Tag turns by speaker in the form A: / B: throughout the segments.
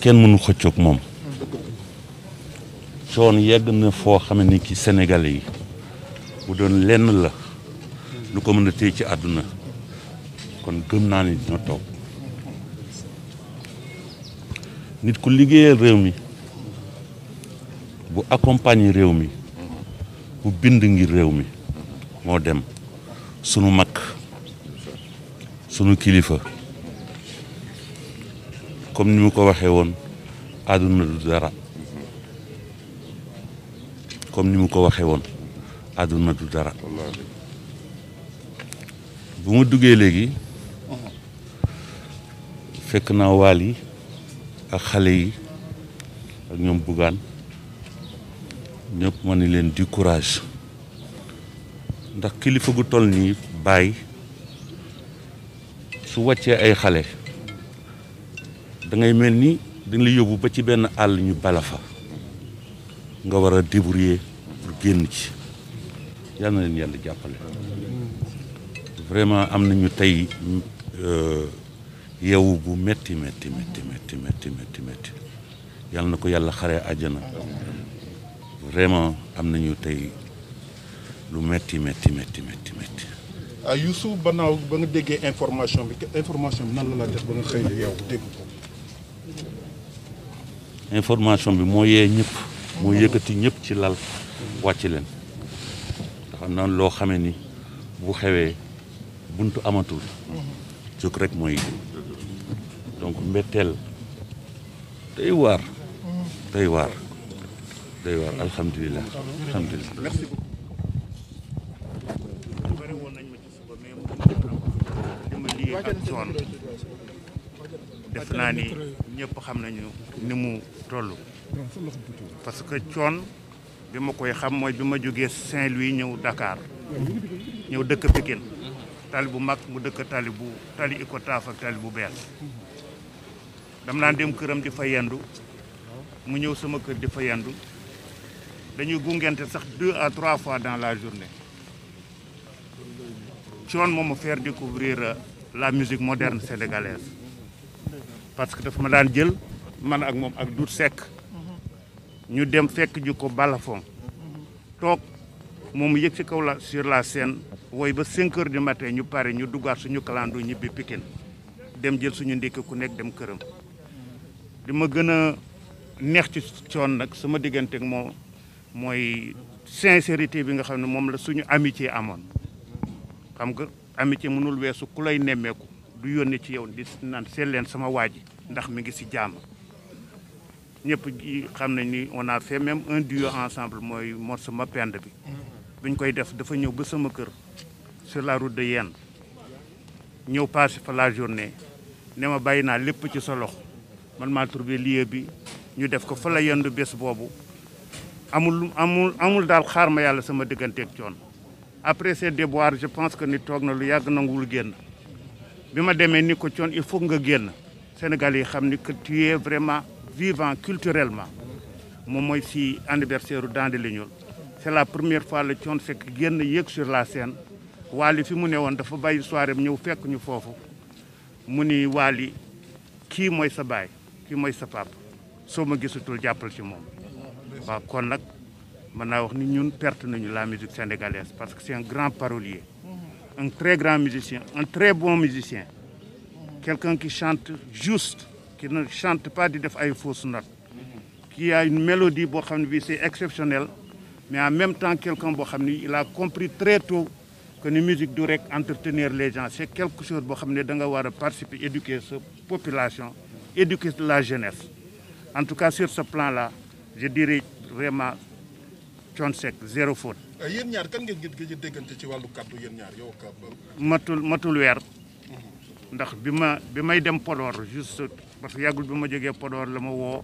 A: kenn mënu xëccoog moom coon yegg na foo xam ne ki Sénégalais yi bu doon lenn la lu ko mën a téye ci àdduna kon gëm naa ni dina toog nit ku liggéeyal réew mi bu accompagner réew mi bu bind ngir réew mi moo dem sunu mag sunu kilifa comme ni mu ko waxee woon àdduna du dara comme ni mu ko waxee woon àdduna du dara bu ma duggee léegi fekk na waal yi ak xale yi ak ñoom bugaan ñëpp ma ni leen di courage ndax kilifa gu toll nii bàyyi su wàccee ay xale da ngay mel ni dañ la yóbbu ba ci benn àll ñu bala nga war a débrouiller pour génn ci yal yàlla jàppale vraiment am nañu tey euh, yeewu bu metti metti metti metti metti yàlla na ko yàlla xare àjjana vraiment am nañu tey lu metti metti metti metti metti
B: ah Youssou Banaaw ba nga déggee information bi information bi nan la la def ba nga xëy yow dégg
A: information bi moo yee ñëpp moo yëkkati ñëpp ci lal wàcc leen xam naa loo xame ni bu xewee buntu amatul jóg rek mooy donc mbetteel day waar day waar day waar
C: def naa ni ñëpp xam nañu ni mu toll parce que coon bi ma koy xam mooy bi ma jógee Saint-Louis ñëw Dakar ñëw dëkk Pikine tali bu mag mu dëkk tali bu tali Icotaf ak tali bu bees dam naa dem këram di fa yendu mu ñëw sama kër di fa yendu dañuy gungente sax deux à trois fois dans la journée coon moom ma faire découvrir euh, la musique moderne sénégalaise parce que dafa ma daan jël man ak moom ak du sekk ñu dem fekk ju ko balafon toog moom yëg ci kaw la sur la scène wooy ba 5 heures du matin ñu pare ñu duggaat suñu kalandoo ñibbi Pikine dem jël suñu ndékki ku nekk dem këram li ma gën a neex ci coon nag sama diggante ak moom mooy sincérité bi nga xam ne moom la suñu amitié amoon xam nga amitié mënul weesu ku lay nemmeeku du yónnee ci yow di naan seet leen sama waa ji ndax mi ngi si jàmm ñëpp xam nañ ni on a fait même un duo ensemble mooy morceau ma pend bi buñ koy def dafa ñëw ba sama kër sur la route de Yène ñëw passé fa la journée ne ma bàyyi naa lépp ci sa loxo man maa trouvé lieu bi ñu def ko fa la yendu bés boobu amul amul amul daal xaar ma yàlla sama digganteeg coon après ces déboires je pense que ni toog na lu yàgg nanguwul génn bi ma demee ni ko coon il faut nga génn Sénégal yi xam ni que tu es vraiment vivant culturellement moom mooy si anniversaire u Dande Leñol c'est la première fois la coon fekk génn yéeg sur la scène Wally fi mu ne woon dafa bàyyi bu ñëw fekk ñu foofu mu ni Wally kii mooy sa baay kii mooy sa papa soo ma gisatul jàppal ci moom waaw kon nag mën naa wax ni ñun perte nañu la musique sénégalaise parce que c'est un grand parolier un très grand musicien, un très bon musicien. Quelqu'un qui chante juste, qui ne chante pas de fausses notes, qui a une mélodie, c'est exceptionnel, mais en même temps, quelqu'un, il a compris très tôt que la musique doit entretenir les gens. C'est quelque chose qui doit participer, éduquer cette population, éduquer la jeunesse. En tout cas, sur ce plan-là, je dirais vraiment Thione Seck zéro faute.
B: Euh, yéen ñaar kan ngeen gëj a déggante ci wàllu kàddu yéen ñaar yow ak euh,
C: matul matul weer.
B: Mhm.
C: ndax bi ma bi may dem Podor juste parce que yàggul bi ma jógee Podor la ma woo.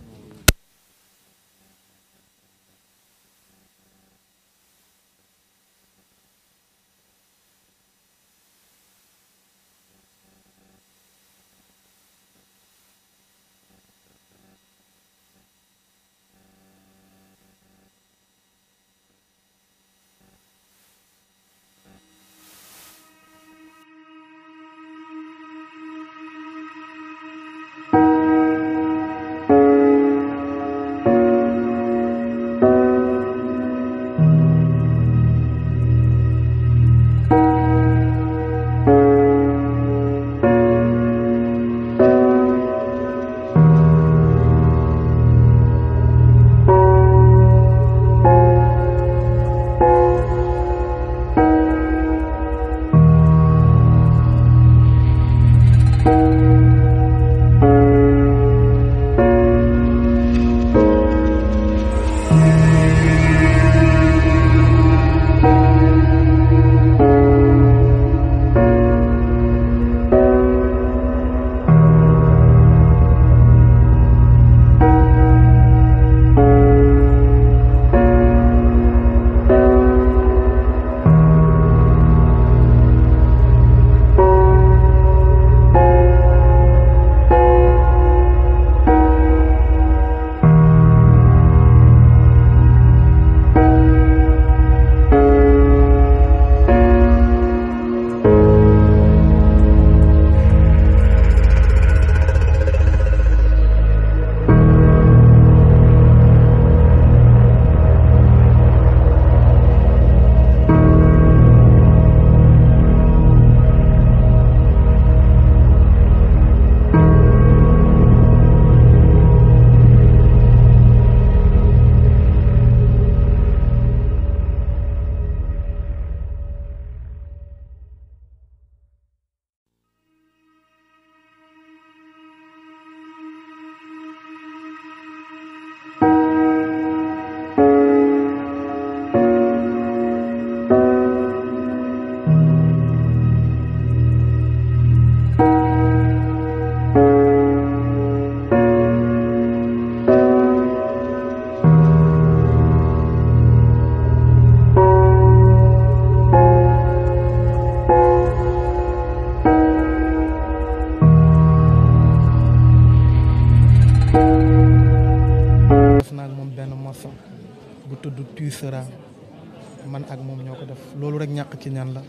D: man ak moom ñoo ko def loolu rek ñàkk ki ñaan la.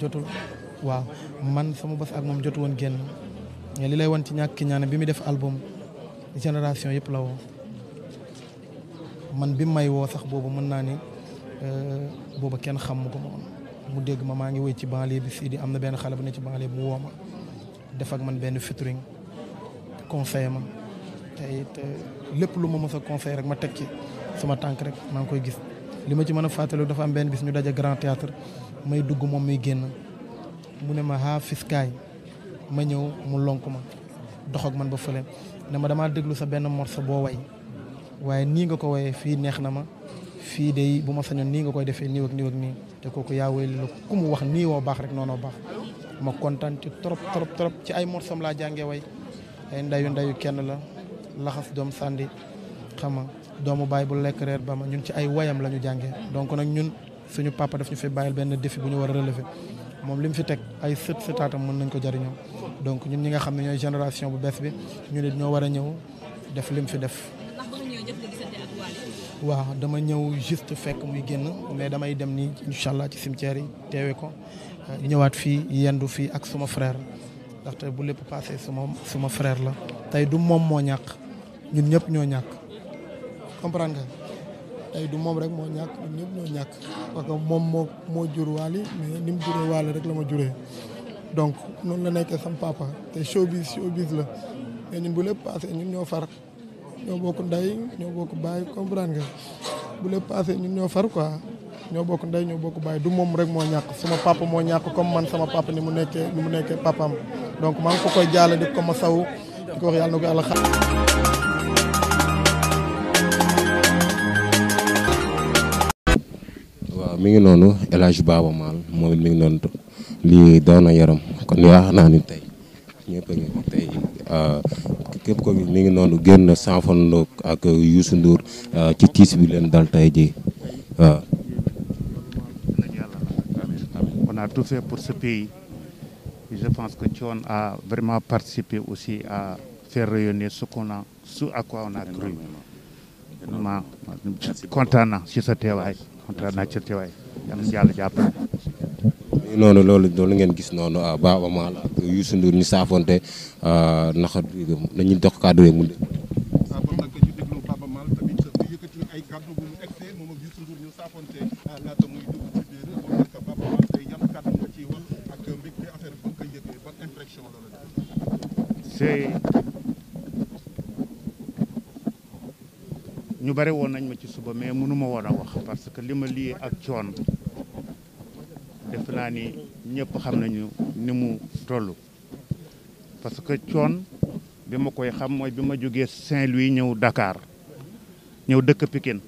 D: jotul waaw man sama bés ak moom jotu woon génn li lay wan ci ñàkk ki ñaan bi mu def album génération yëpp la man bi may woo sax boobu mën naa ni euh, boobu kenn xamu ko moom mu dégg ma maa ngi woy ci banlieue bi fii di am na benn xale bu ne ci banlieue bu woo ma def ak man benn featuring conseil ma. te it lépp lu ma mos a conseil rek ma teg ci sama tànk rek maa ngi koy gis li ma ci mën a fàttali dafa am benn bis ñu daje grand théâtre may dugg moom muy génn mu ne ma haa ah, fiskaay ma ñëw mu lonk ma dox ak man ba fële na ma damaa déglu sa benn morceau boo way waaye nii nga ko wayee fii neex na ma fii de bu ma sañoon nii nga koy defee nii ak nii te kooku yaa way la ku mu wax nii woo baax rek noonu baax ma kontaan ci trop trop trop ci ay morceau laa jàngee way ay ndayu ndayu kenn la. laxas doom sàndi xam nga doomu bàyyi bu lekk reer ba ma ñun ci ay wayam la ñu jàngee donc nag ñun suñu papa def ñu fi bàyyil benn défi bu ñu war a relever moom li mu fi teg ay sët sëtaatam mën nañ ko jëriñoo donc ñun ñi nga xam ne ñooy génération bu bees bi ñu ne ñoo war a ñëw def lim fi def. waaw dama ñëw juste fekk muy génn mais damay dem nii incha allah ci cimetière yi teewee ko euh, ñëwaat fii yendu fii ak suma frère ndaxte bu lépp passé suma suma frère la tey du moom moo ñàkk. ñun ñëpp ñoo ñàkk comprendre nga tey du moom rek moo ñàkk ñun ñëpp ñoo ñàkk moom moo moo jur waali mais ni mu juree waali rek la ma juree donc noonu la nekkee sam papa te showbiz showbiz la mais ñun bu lépp passé ñun ñoo far ñoo bokk ndey ñoo bokk baay comprendre nga bu lépp passé ñun ñoo far quoi ñoo bokk ndey ñoo bokk baay du moom rek moo ñàkk sama papa moo ñàkk comme man sama papa ni mu nekkee ni mu nekkee papaam donc man ngi ko koy jaale di ko ma saw di ko wax yàlla na ko
B: mi ngi noonu El Hadj Baba Maal moom it mi ngi noonu lii daw yaram kon yaa naa ni tey ñëpp a ngi tey ah, képp ko mi ngi noonu génn sanfandoog ak Youssou Ndour ah, ci tiis bi leen dal tey ji waaw. Ah.
C: on a pour ce je pense que Thione vraiment participé aussi à faire rayonner ce qu'on a ci sa teewaay. kontaan naa ci ci waay yal nañu yàlla jàppale.
B: ñu noonu loolu loolu ngeen gis noonu Baaba ah, Maal ak Youssou Ndour ñu saafonte ah, naxa nañu dox kàddu yi mu.
C: c'est ñu bari woon nañ ma ci suba mais mënuma woon a wax parce que li ma lii ak coon def naa ni ñëpp xam nañu ni mu tollu parce que coon bi ma koy xam mooy bi ma jógee saint lui ñëw dakaar ñëw dëkk Pikine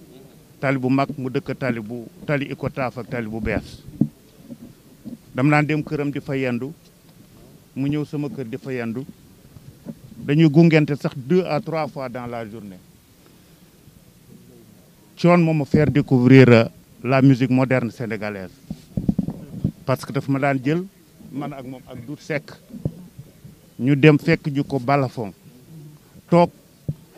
C: tali bu mag mu dëkk tali bu tali iko taaf ak tali bu bees dam naa dem këram di fa yendu mu ñëw sama kër di fa yendu dañuy gungente sax deux à trois fois dans la journée Thione moom ma faire découvrir euh, la musique moderne sénégalaise parce que daf ma daan jël man ak moom ak Doudou Seck ñu dem fekk ju ko balafon toog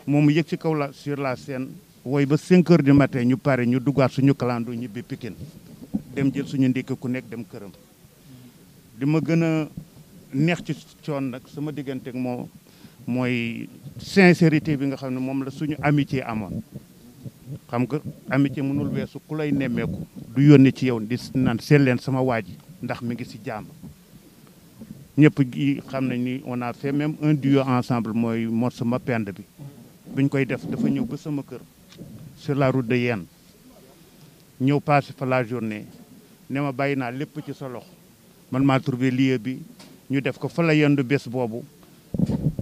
C: moom yëg ci kaw la sur la scène wooy ba 5 heures du matin ñu pare ñu duggaat suñu kalandoo ñibbi Pikine dem jël suñu ndékki ku nekk dem këram li ma gën a neex ci Thione nag sama diggante moo mooy sincérité bi nga xam ne moom la suñu amitié amoon xam nga amitié mënul weesu ku lay nemmeeku du yónni ci yow di naan seet leen sama waaj ndax mi ngi si jàmm ñëpp gi xam nañ ni on a fait un duo ensemble mooy morceau ma pend bi buñ koy def dafa ñëw ba sama kër sur la route de Yène ñëw passé fa la journée ne ma bàyyi naa lépp ci sa loxo man maa trouvé lieu bi ñu def ko fa la yendu bés boobu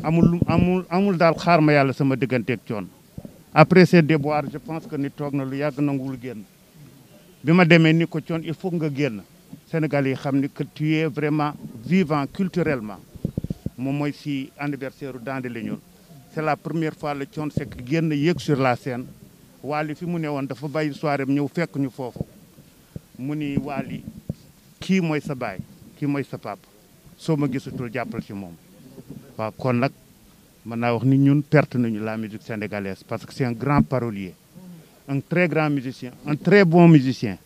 C: amul amul amul daal xaar ma yàlla sama digganteeg coon après ces déboires je pense que ni toog na lu yàgg nanguwul génn bi ma demee ni ko coon il faut nga génn Sénégal yi xam ni que tu es vraiment vivant culturellement moom mooy si anniversaire u Dande Leñol la première fois la Thione Seck génn yéeg sur la scène Wally fi mu ne woon dafa bàyyi soirée am ñëw fekk ñu foofu mu ni Wally kii mooy sa baay kii mooy sa papa soo ma gisatul jàppal ci moom waaw kon nag mën naa wax ni ñun perte nañu la musique sénégalaise parce que c'est un grand parolier un très grand musicien un très bon musicien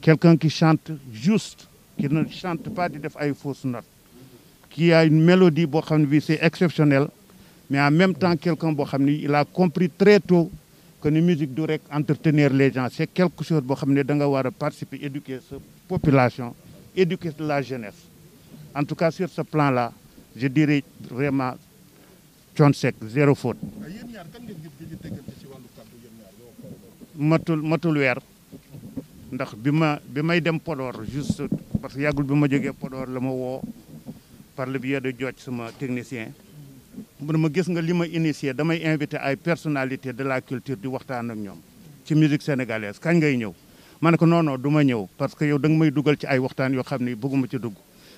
C: quelqu'un qui chante juste qui ne chante pas di def ay fausses notes qui a une mélodie boo xam ne bi c'est exceptionnel mais en même temps quelqu'un boo xam ni il a compris très tôt que ni musique du rek entretenir les gens c'est quelque chose boo xam ne danga nga war a participer éduquer population population éduquer la jeunesse en tout cas sur ce plan là vraiment Thione Seck zéro faute ah, matul matul weer ndax bi ma bi may dem Podor juste parce que yàggul bi ma jógee podoor la ma woo par le biais de Diodj sama technicien mu ne ma gis nga li ma initié damay invité ay personnalité de la culture di waxtaan ak ñoom ci musique sénégalaise kañ ngay ñëw ma ne ko non non du ma ñëw parce que yow da nga may dugal ci ay waxtaan yoo xam ni bëgguma ci dugg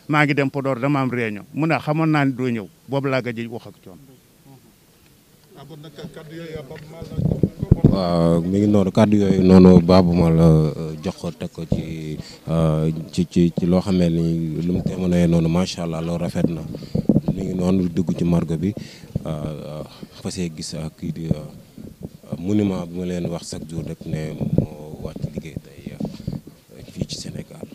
C: maa ngi dem podoor dama am réunion mu ne xamoon naa ne doo ñëw boobu laa gëj
B: waaw mi ngi noonu kàddu yooyu noonu Baaba Maal la euh, jox ko teg ko ci euh, ci ci ci loo xamee ni lu mu témoigné noonu macha allah loo rafet na mu ngi noonu dugg ci margo bi euh, fas gis ak kii di monument bi ma leen wax chaque jour rek ne moo wàcc liggéey tey fii ci Sénégal.